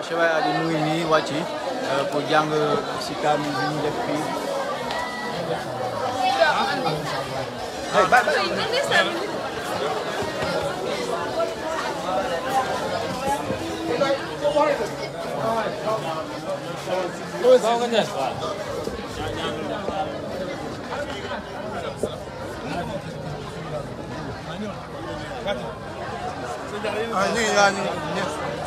Cheikh Ali mu ngi nii wàcc pour jàng si kaamil bi ñu def fii. ah ñu ngi ñu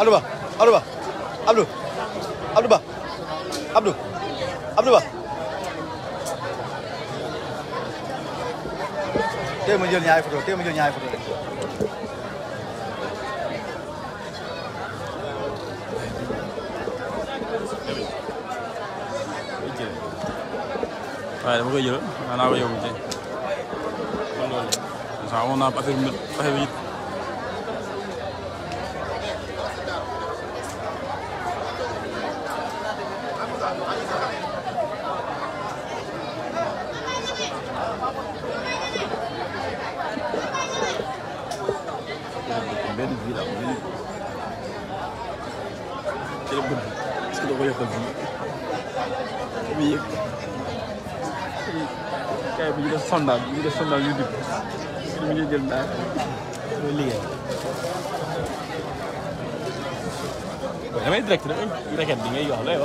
Abdou Ba Abdou Ba Abdou Abdou Ba Abdou Abdou Ba tey ma jël ñaari photo tey ma jël ñaari photo rek waaye dama koy jël naa ko yóbbu tey. bi kay bi ñu def sondage bi ñu def sondage yu dib mi ñuy jël daal loolu liggéey damay direct rek raket bi ngay yox lay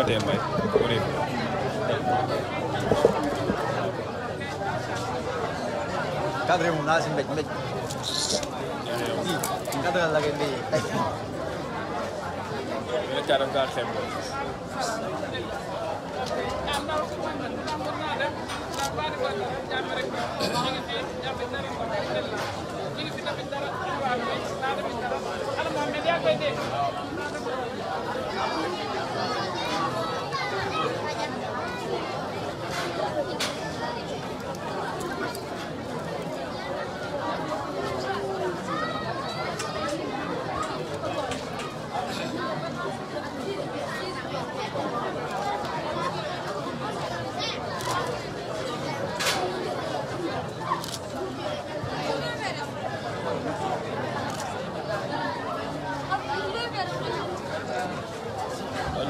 matin, Mike. Good evening. Kadri mo na si Mbej Mbej. Kadri lagi di. Ini cara kau sembunyi.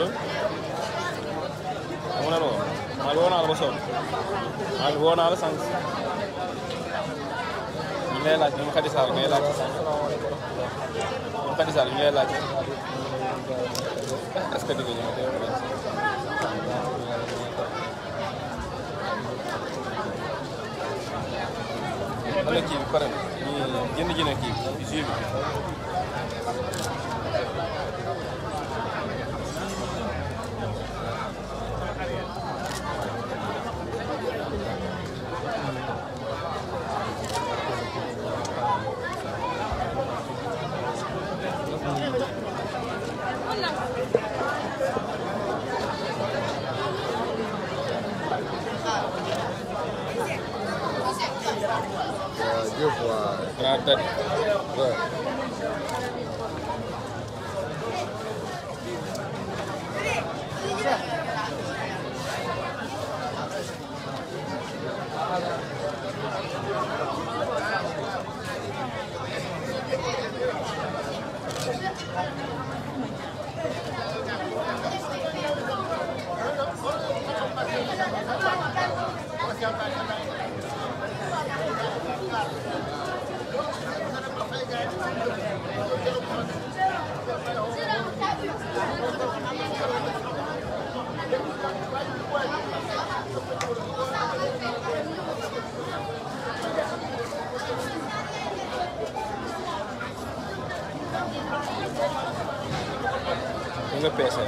వద్దు owner నాలుగు నాలుగు వస్తావు నాలుగు నాలుగు సంగ ఇంకేలా ఇంకటి sir ఇంకేలా ఇంకటి సార్ ఇంకేలా కష్టది Olha aqui, para. Vieni, vieni aqui. Giro. grand tête Thank you. nga peese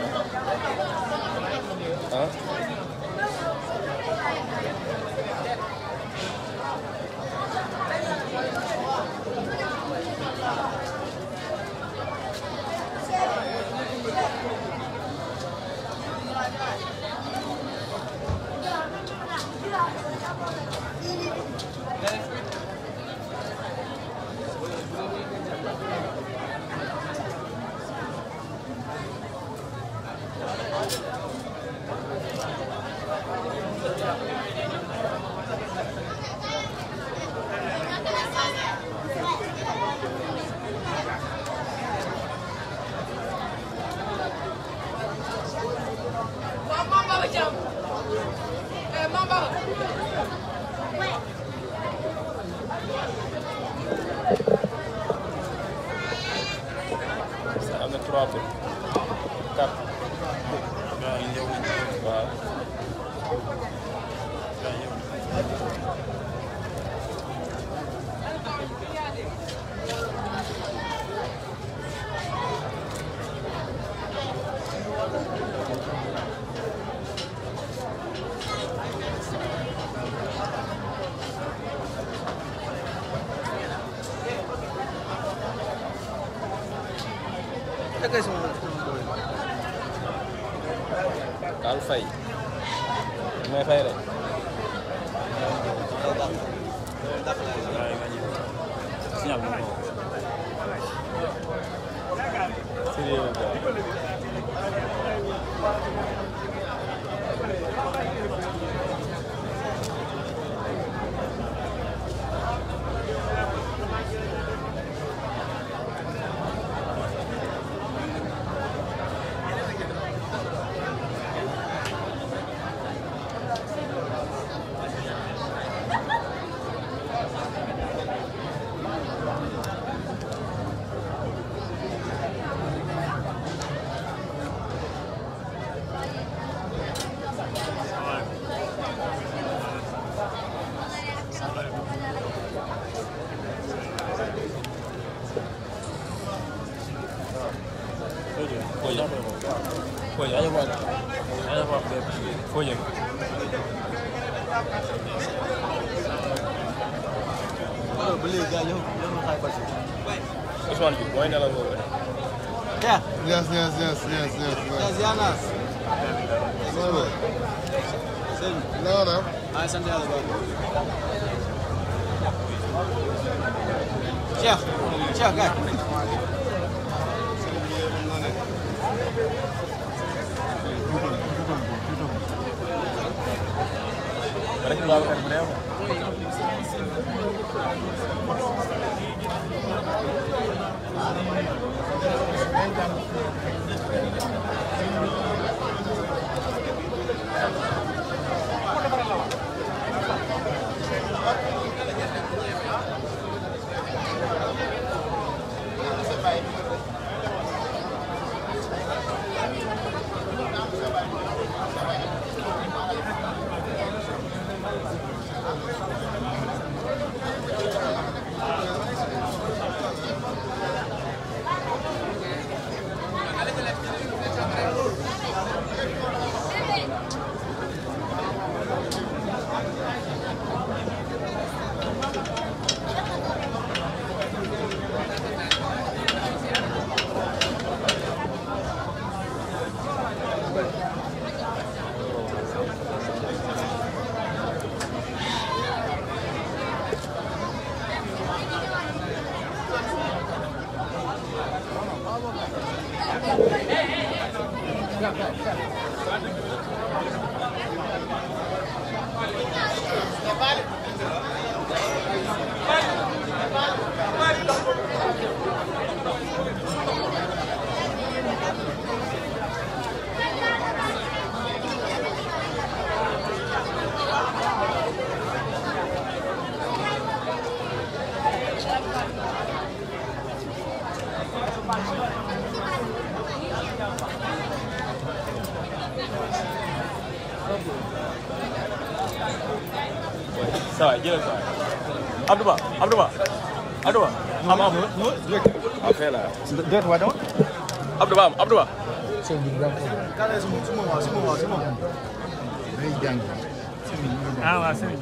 ananas. Muy bien. Sëñ bi. na nga def. maa ngi sant yàlla déet waa dawal. Abdou Ba Abdou Ba. sëñ bi nga xam ne. kaale su ma su ma waa su ma waa su ma. day jàng. ah waaw sëñ bi.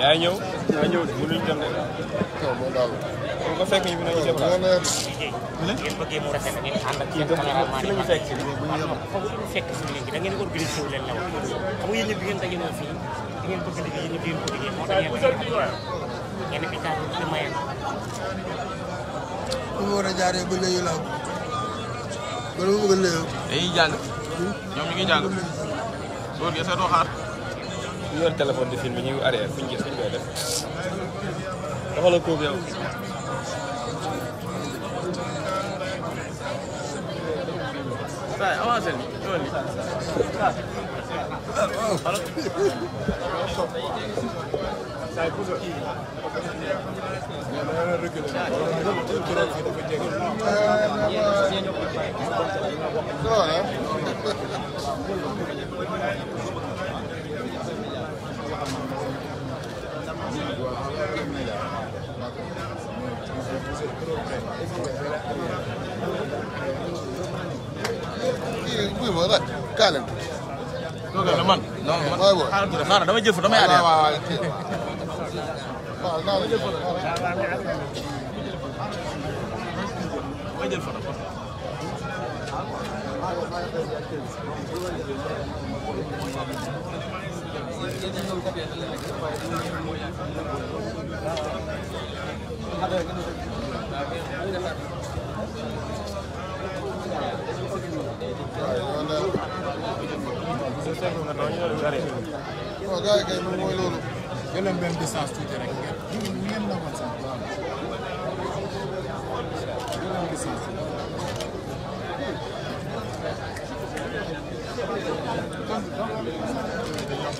yaa ñëw. yaa ñëw de mënuñ dem de. non moom daal. bu ko fekk ñu mën a ñu déplacé. ngeen bëggee mu rafet ngeen ànd ak seen caméraman yi ma fekk si fekk si leen da ngeen organisé wu leen la wax xam nga yéen ñëpp ngeen dajaloo fii da ngeen bëgg liggéey yéen ñëpp ngeen ko liggéey moo tax ngeen bi taal di maye bu mu war a jaaree ba léegi laa ko bala mu bëgg a léegi dañuy jàng hmm? ñoom ñu ngi jàng góor gi sa doo xaar ñu yor téléphone di filmé ñu ngi arrière fu ñu gis ñu koy def dafa la kooku yow. waaw avancé nañu ñëwal nii. allo. buy ma rek kaa leen. man man xaaral dama jël fa dama yaale. waaw waaw dama jël fa dama waaw gars yi kay moom mooy loolu. yéen a benn distance tuuti rek ngeen ngeen nangoon sax waaw. yéen a benn distance. Thank you.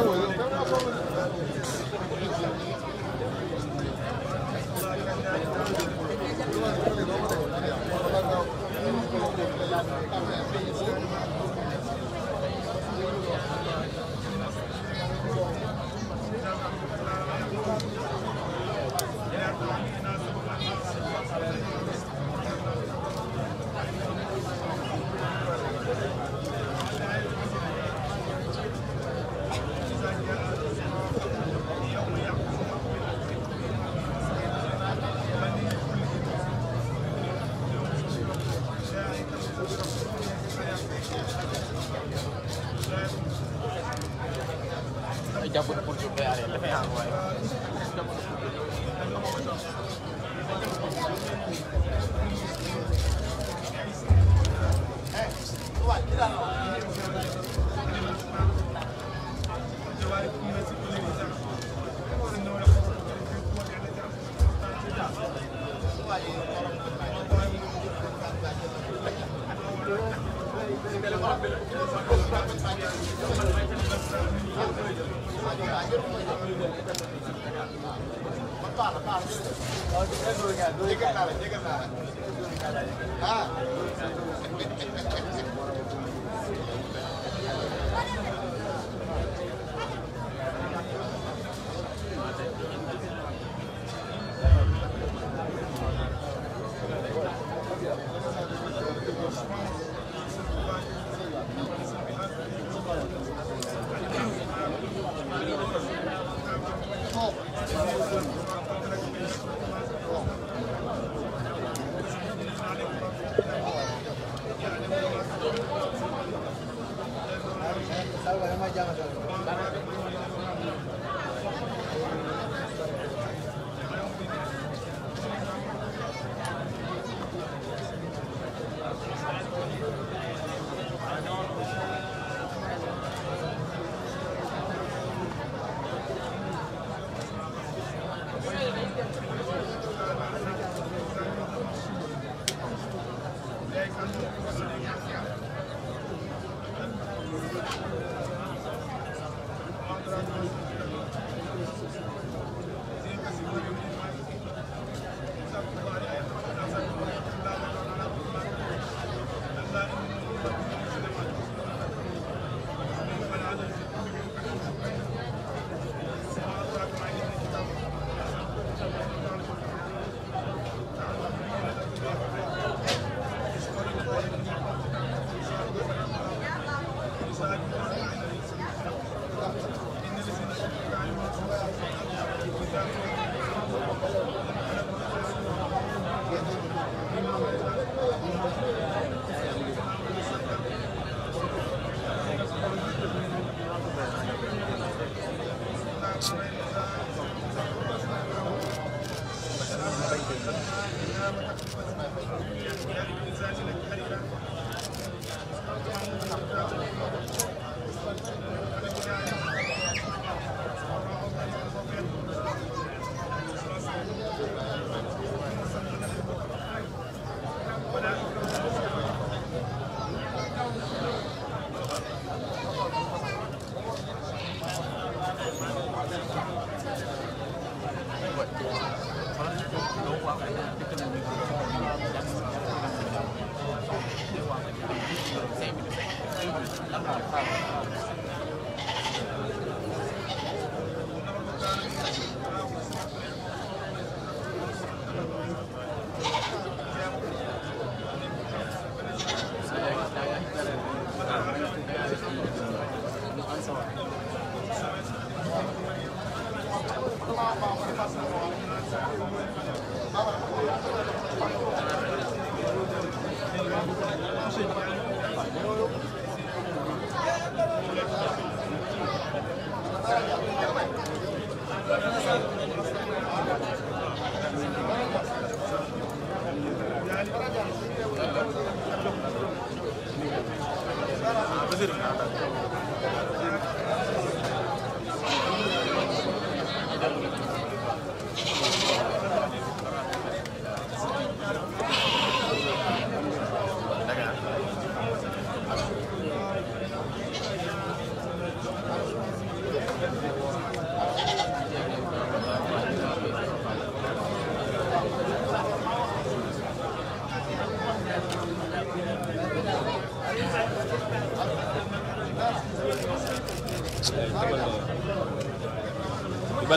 Why would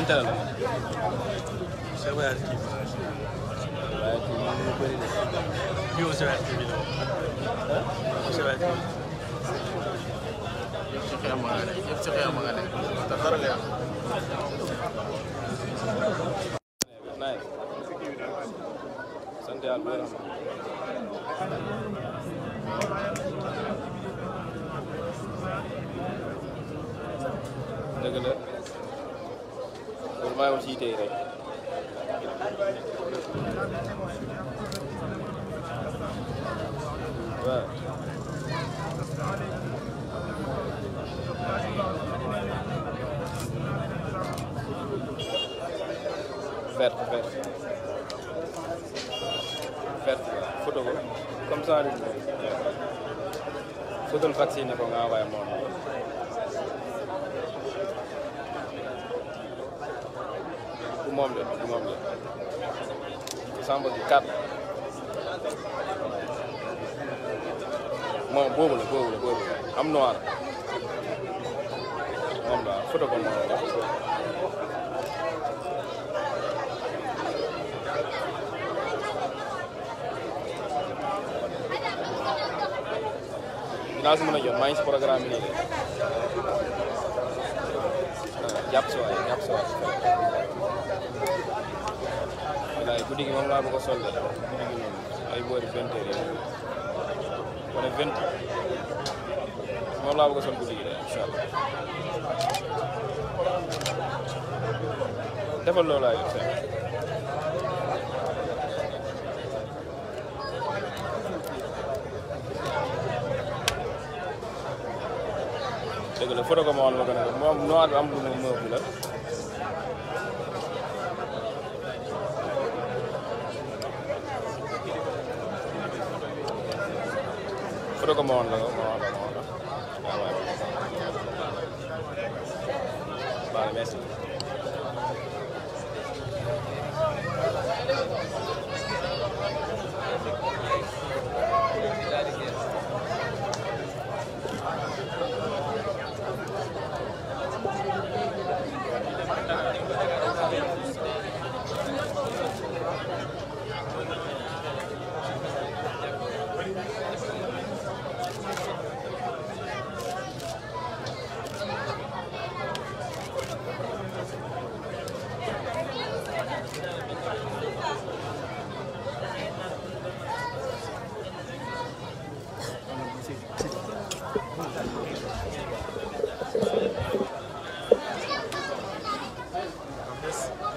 jëflante la jiite rek waaw vert vert vert photo ko comme ça photo vacciné ko nga envoyé moom moom la décembre du 4 moom boobu la boobu la am noir moom la photo ko moom la dinaa jot maa programme bi nii jàpp si waay jàpp si waay wallaay guddi moom laa bëgg a solle guddi gi moom ay boori vingt heures yi wala vingt moom laa bëgg a sol guddi gi de incha allah dëgg la photo ko ma woon ma gën mu am noir bi am lu mu bi la. ko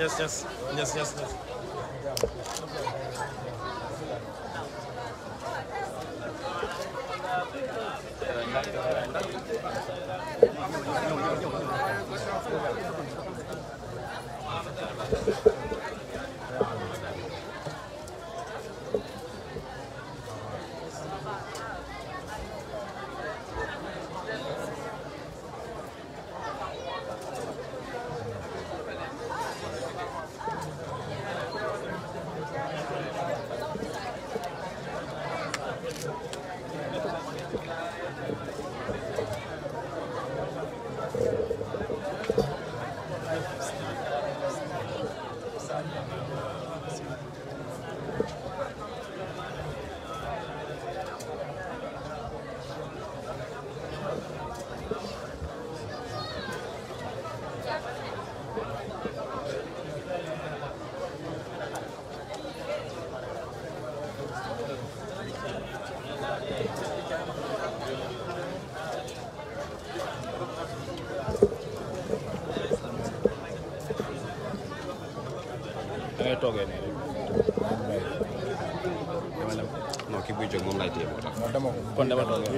ñes ñes ñes ñes kon dama toog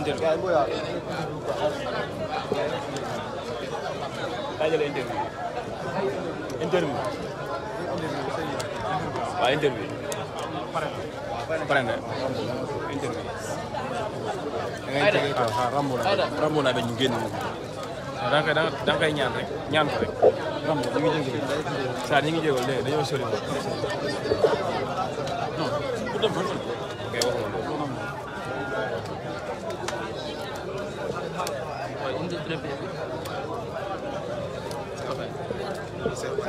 interview kaay jël interview interview waaw interview pare na interview da ngay toog xaar rambu naa rambu naa ba ñu génn da nga koy da nga koy ñaan rek ñaan ko rek rambu ñu ngi jégalu saa ñu ngi jégalu léegi dañoo sori non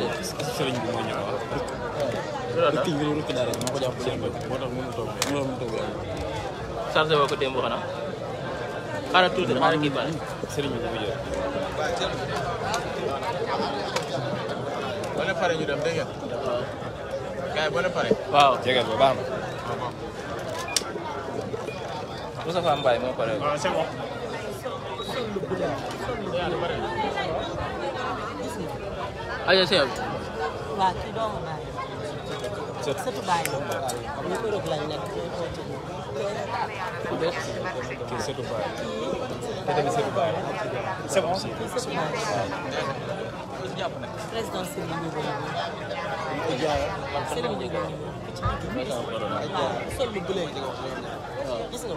déedéet sëriñ bi moo ñu ko wax. rukk ngir rukk daal rek moo ko jàpp toog mënu toog chargé woo ko xanaa xaaral tuuti xaaral kii pare sëriñ bi dafa jël ba pare ñu dem dégg ngeen gaay pare waaw jégal ba baax na Moustapha Mbaye moo pare waaw c'est bon aja seew waaw kii doomu baay sëtu baay ñu Europe lañ nekk kii sëtu baay te tamit sëtu baay c'est bon président Serigne Ndiogou Ndiogou Serigne Ndiogou Ndiogou sol bu gis nga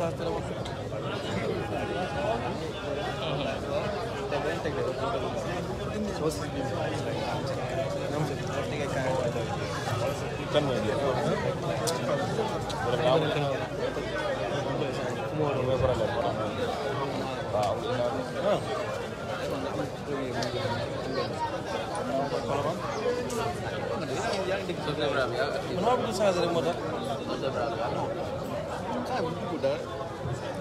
charge téléphone. kan mooy lii. waaw. yaa ngi dégg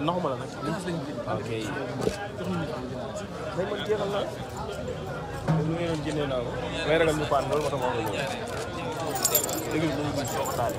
wala naxuma la nag. ok. mais man jeexal naa. lu ngeen doon jëndee naa ko. may ragal ñu paan loolu moo tax ma wax la ñu. dëgg la ñu ngi ci soxnaale.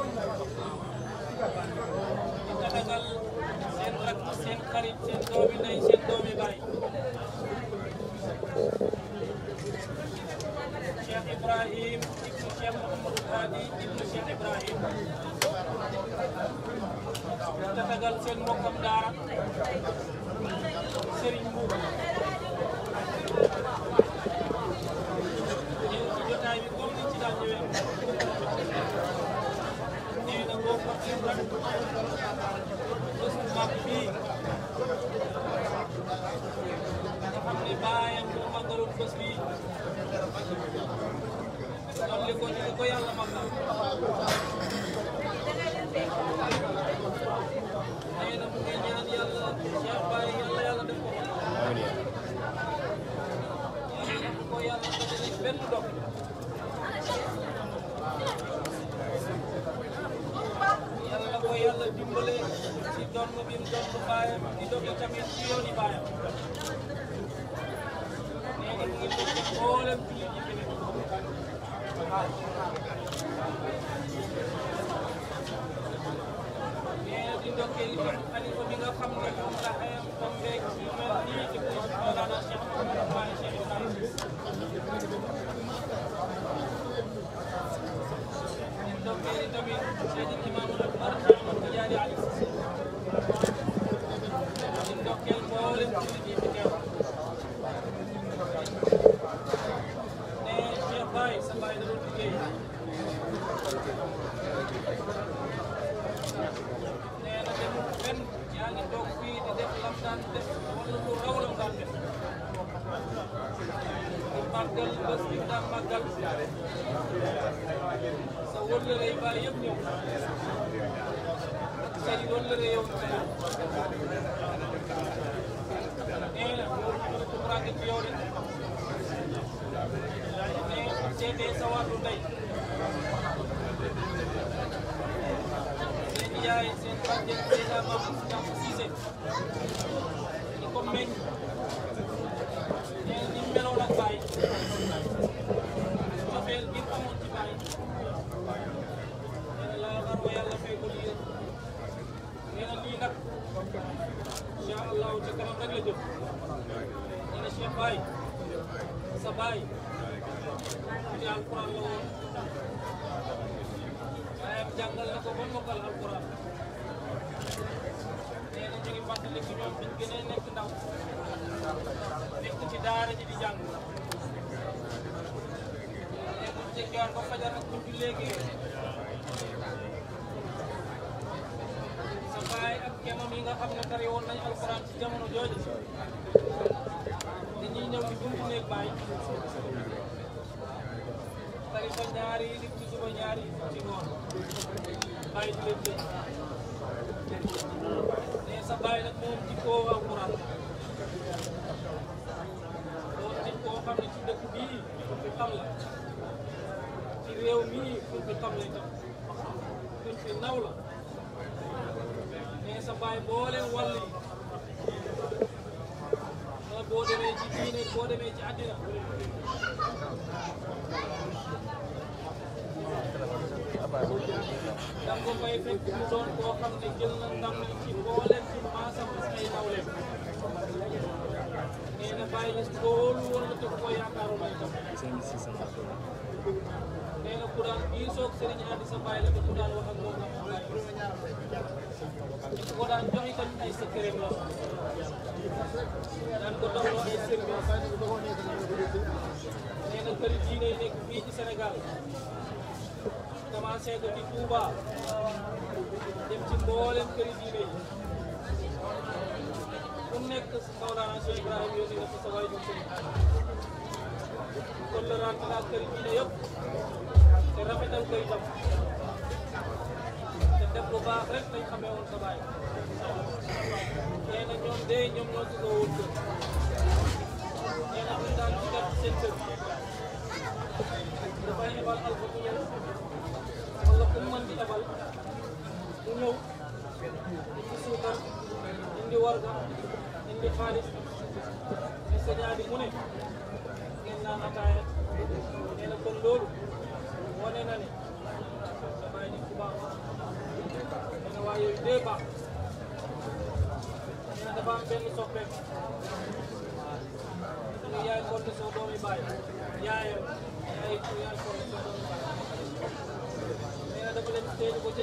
di tatagal seen rakk seen xarit seen doomi ndey seen doomi baay Cheikh Ibrahim ibnu Cheikh Mouhamadou Hadi ibnu Cheikh Ibrahim di tatagal seen mbokkam daara màggal bés bi daan màggal sa wëllëre yi baay yëpp ñëw ak say wëllëre yow nee na muraakit bi yow de nee seetee sa wàllu ndey seen yaay seen bàjjen seen maam Siise ni ko meññ des ko wóolu woon na ko yaakaaroon ay tam. nee na ku daan bii soog Serigne Adi sa bàyyi la te ku daan wax ak moom ak bàyyi te ko daan jox itam ay secret la daan ko doxloo ay service nee na kër diine yi nekk fii ci Sénégal commencé ko ci Touba dem ci mboolem kër diine yi ku nekk Mawlana Cheikh Ibrahima yónni nga ko sa waay jur sëriñ kon la rente la ne yëpp te rafetal koy dem te def lu baax rek lañ xamee woon sa baay nee na ñoom de ñoom ñoo ci soo woon kër nee na ñu daan ci def seen kër dafay ebal alfa mu ñëw wala ku mën di ebal mu ñëw indi suukar indi indi xaalis te sëriñ bi mu ne ngeen naan ataaya nee na kon loolu wane na ne damay nit ku baax nee na waaye yooyu dee baax nee na dafa am benn soppeeku waaw dañuy yaay kon soo doomi bàyyi yaayam yaay yaay kon soo doomi bàyyi nee na dafa leen teel ko ca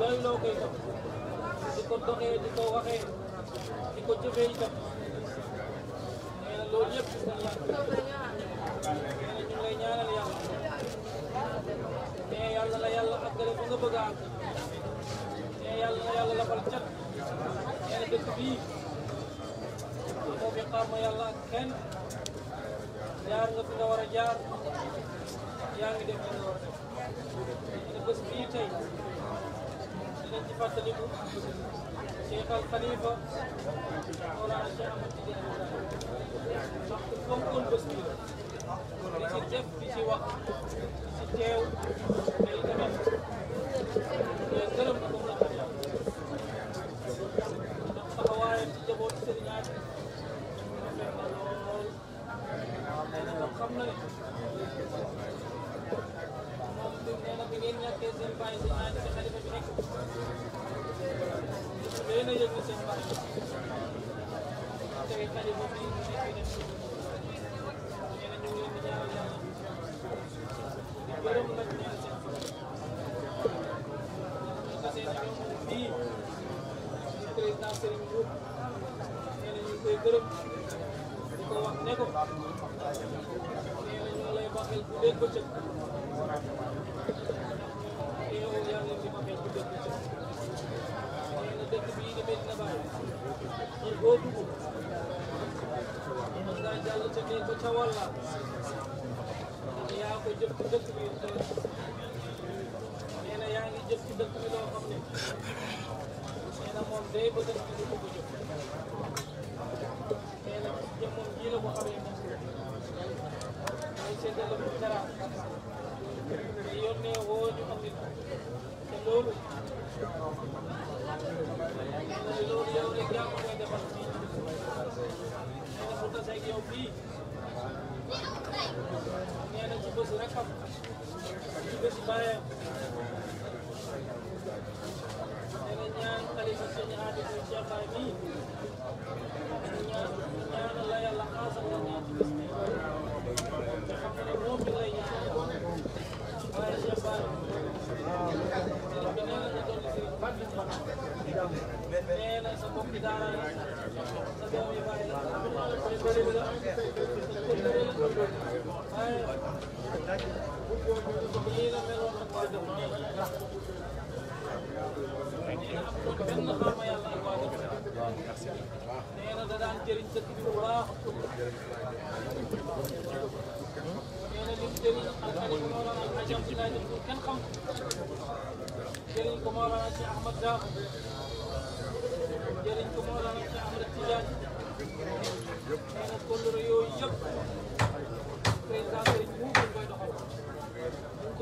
doy loo koy itam di ko loolu yëpp gis nañ yàlla lay ñaanal yàlla nee yàlla la yàlla àggale ba nga bëgg a àgg yàlla la yàlla lafal cat nee dëkk bii moom i xaar ma yàlla ak kenn jaar nga fi nga war a jaar yaa ngi def li nga war bés bii tey dinañ ci fàttaliku Cheikh Al Khalifa Mawlana Cheikh Ahmad Tidiane ndax ku fonkoon bés bi la di ci def di ci wax di ci teew day tamit président Serigne Mboup nee na ñu koy gërëm di ko wax ne ko nee na ñu lay baxel bu dégg bëccëg te yow yaa leen di baxel bu dégg bëccëg nee na dëkk bii di Medina Baye kër boo dugg mën ngaa jàll ca néeg ba ca wàlla yaa ko jëf ci dëkk bi nee na yaa ngi jëf ci dëkk bi loo xam ne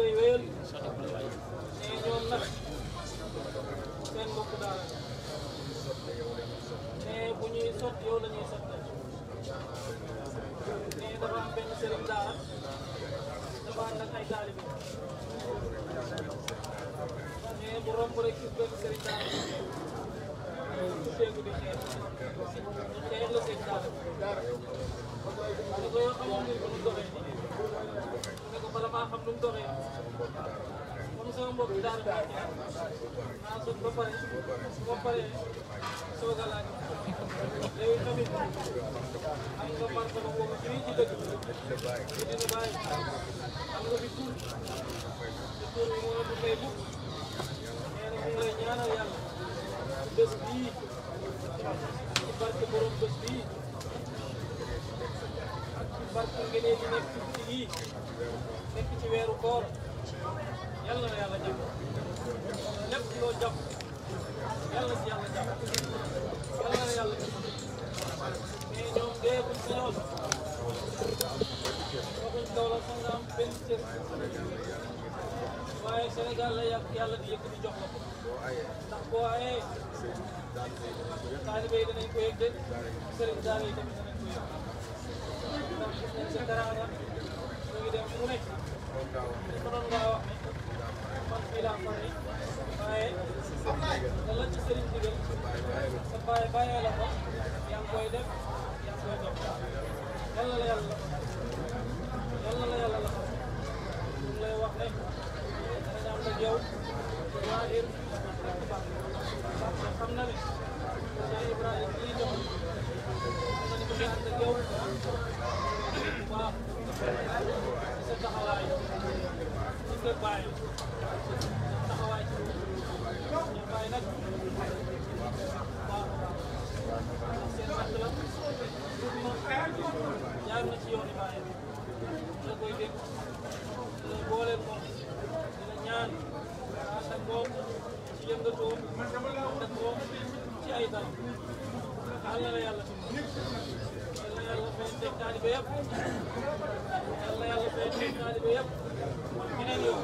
koy wéyal nee ñoom nag seen mbokk daara nee bu ñuy sot yow la ñuy sotte nee dafa am benn sëriñ daara dafa ànd ak ay taalibe nee bu romb rek gis benn sëriñ daara nee bu dégg di xeex xeex la sëriñ daara barke ngeen di nekk ci nekk ci weeru koor yàlla di yàlla yàlla yàlla fay seen taalibe yëpp yàlla yàlla fay seen taalibe yëpp ñu ne ñëw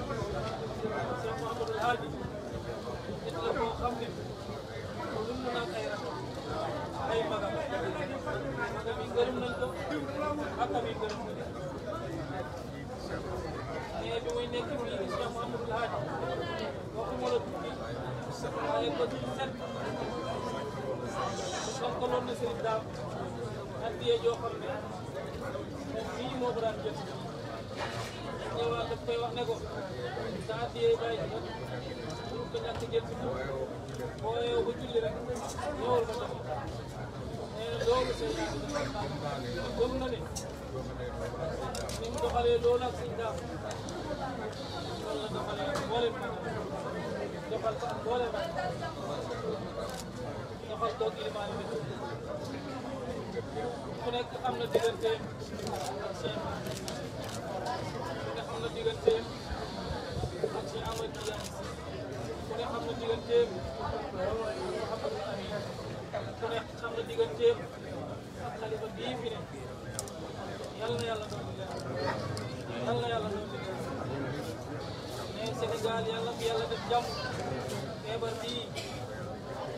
feebar bi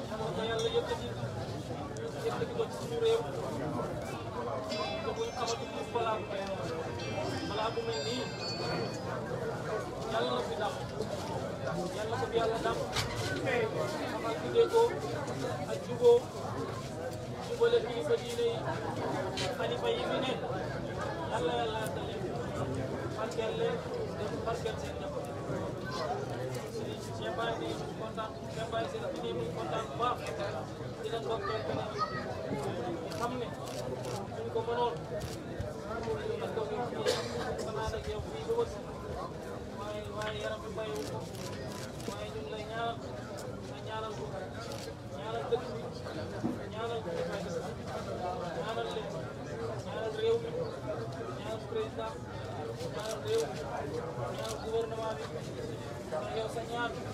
xamoon na yàlla yëkkati yëkkati ko ci suñu réew te buñ xamati mu balaa balaa bu mel nii yàlla na fi dàq yàlla ko fi yàlla dàq xamal tuddee ko ak juboo jubale kilifa diine yi xalifa yi fi ne yàlla yàlla tale barkeel leen dem barkeel seen Cheikh Baye mi ngi kontaan Cheikh Baye seen bi mi ngi kontaan bu baax di leen doog teel benn yi xam ne suñ ko mënoon ñu ngi ko fii fii fanaan ak yow fii ba wër waaye waaye yaram bi bàyyiwul waaye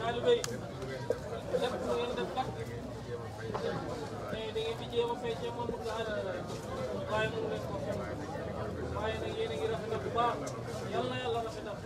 taalibe yi lépp lu ngeen def nag yal na yàlla rafetal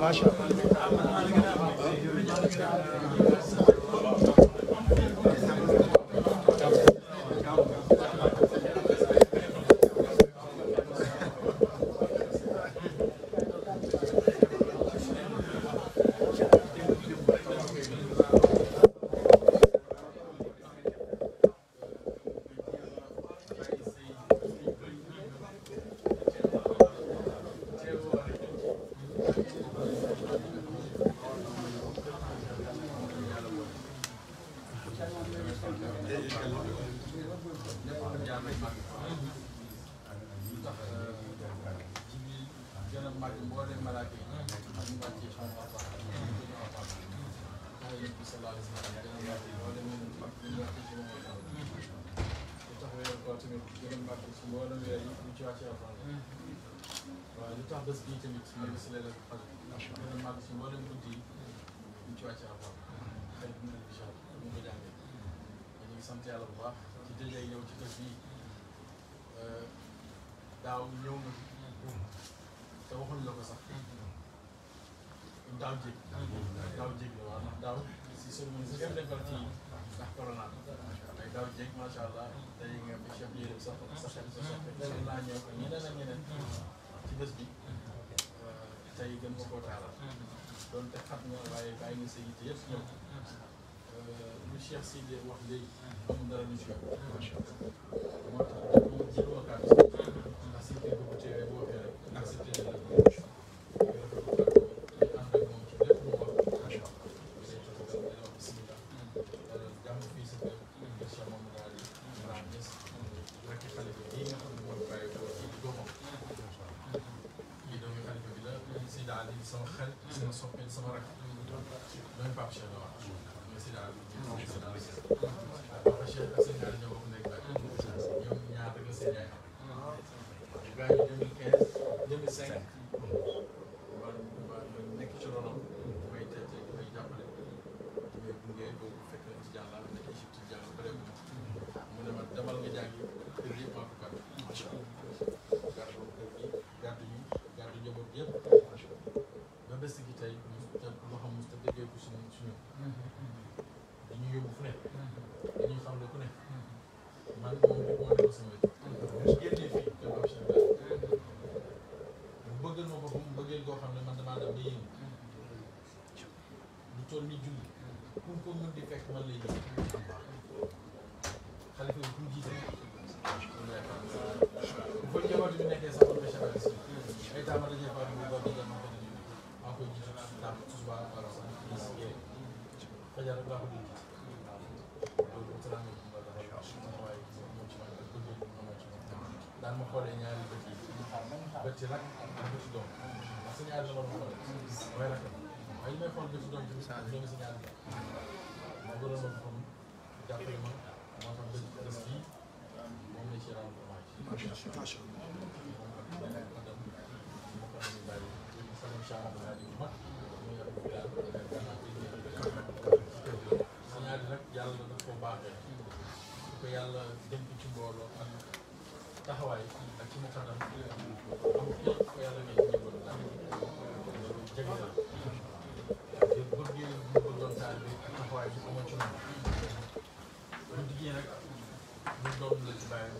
macha allah daaw jéeg daaw jéeg la waaw ndax si sunu ministère defal ci daaw jéeg macha allah tey nga bi chef yére bi sax sa xel sa soppe tey laa ñëw ak ñeneen ak ñeneen ci bés bi tey gën ma koo taalal doonte xam nga wax léegi amul dara lu ci moo tax sama soppeeku sama rakk doy Pape Cheikh la wax mooy Sida Sida Sida Pape Cheikh ak seen ñaari ñoo bokk nekk ñoom ñaar rek la seen yaay ñoo ngi si gaal gi ma gënoon a xam jàppale ma moo tax bés bés bii moom la ci rendre hommage. macha allah moom ak beneen madam ma ko amee bàyyi Salim Cheikh Abdoulaye bu mag muy yor bu gaal bu nekk gannaaw bi ñu ñaari nag yàlla daf ko baaxee. ko yàlla dénk ci mbooloo ak taxawaay. Public Bank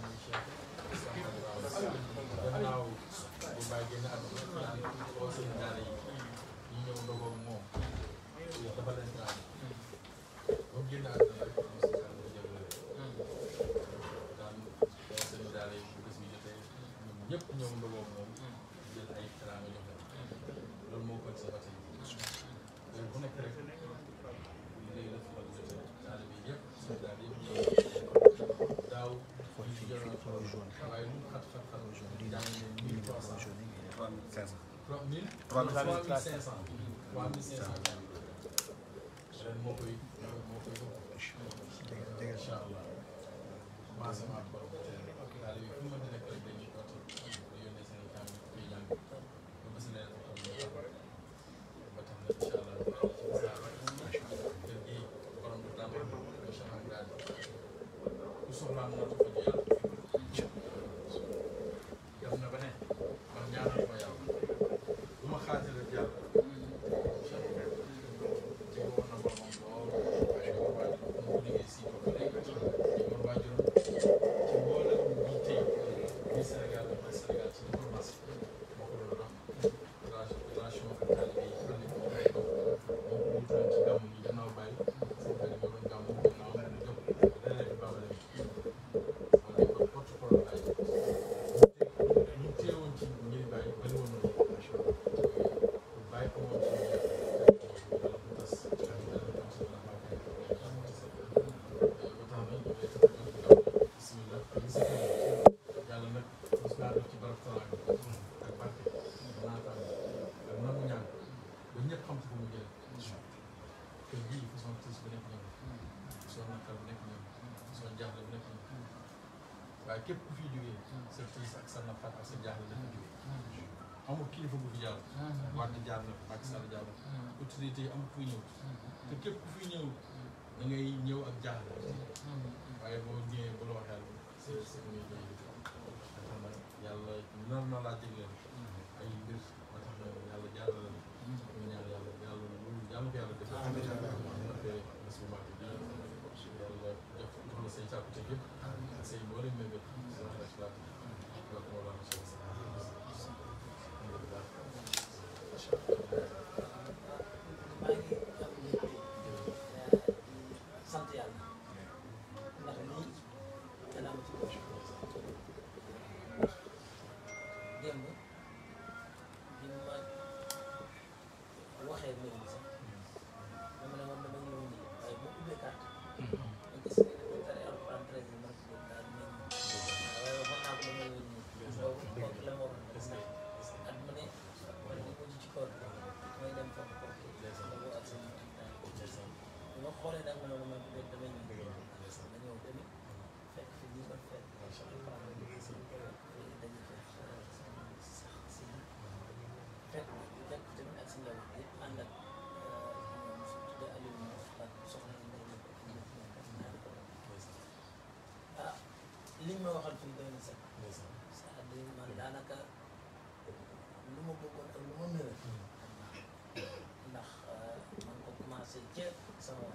3500 def ci barab salaam ak barke naataam ak nangu ñaan ba ñëpp xam ci fu mu bu nekk ñëw façon naqar bu nekk ñëw façon jaaxle bu nekk ñëw waaye képp ku fi jógee sa tiis ak sa naqar ak sa jaaxle dafa jógee amul kilifa bu autorité yi amul kuy ñëw te képp ku ñëw da ñëw ak jaaxle waaye boo ñëwee bu la waxee sa sa muy yàlla nar na laa jégleen ay mbir ba tax yàlla jàll la ñu ñaan yàlla yàlla loolu yàlla ko yàlla defal ndaxte masi mbàkk bi yàlla jox jox la say càkkute yëpp ak say boole xoolee da nga a mën a damay ñu bëgg a ñëw tamit ma waxal na sax. lu ma bëggoon ak lu ma mën ndax man ko commencé ca sama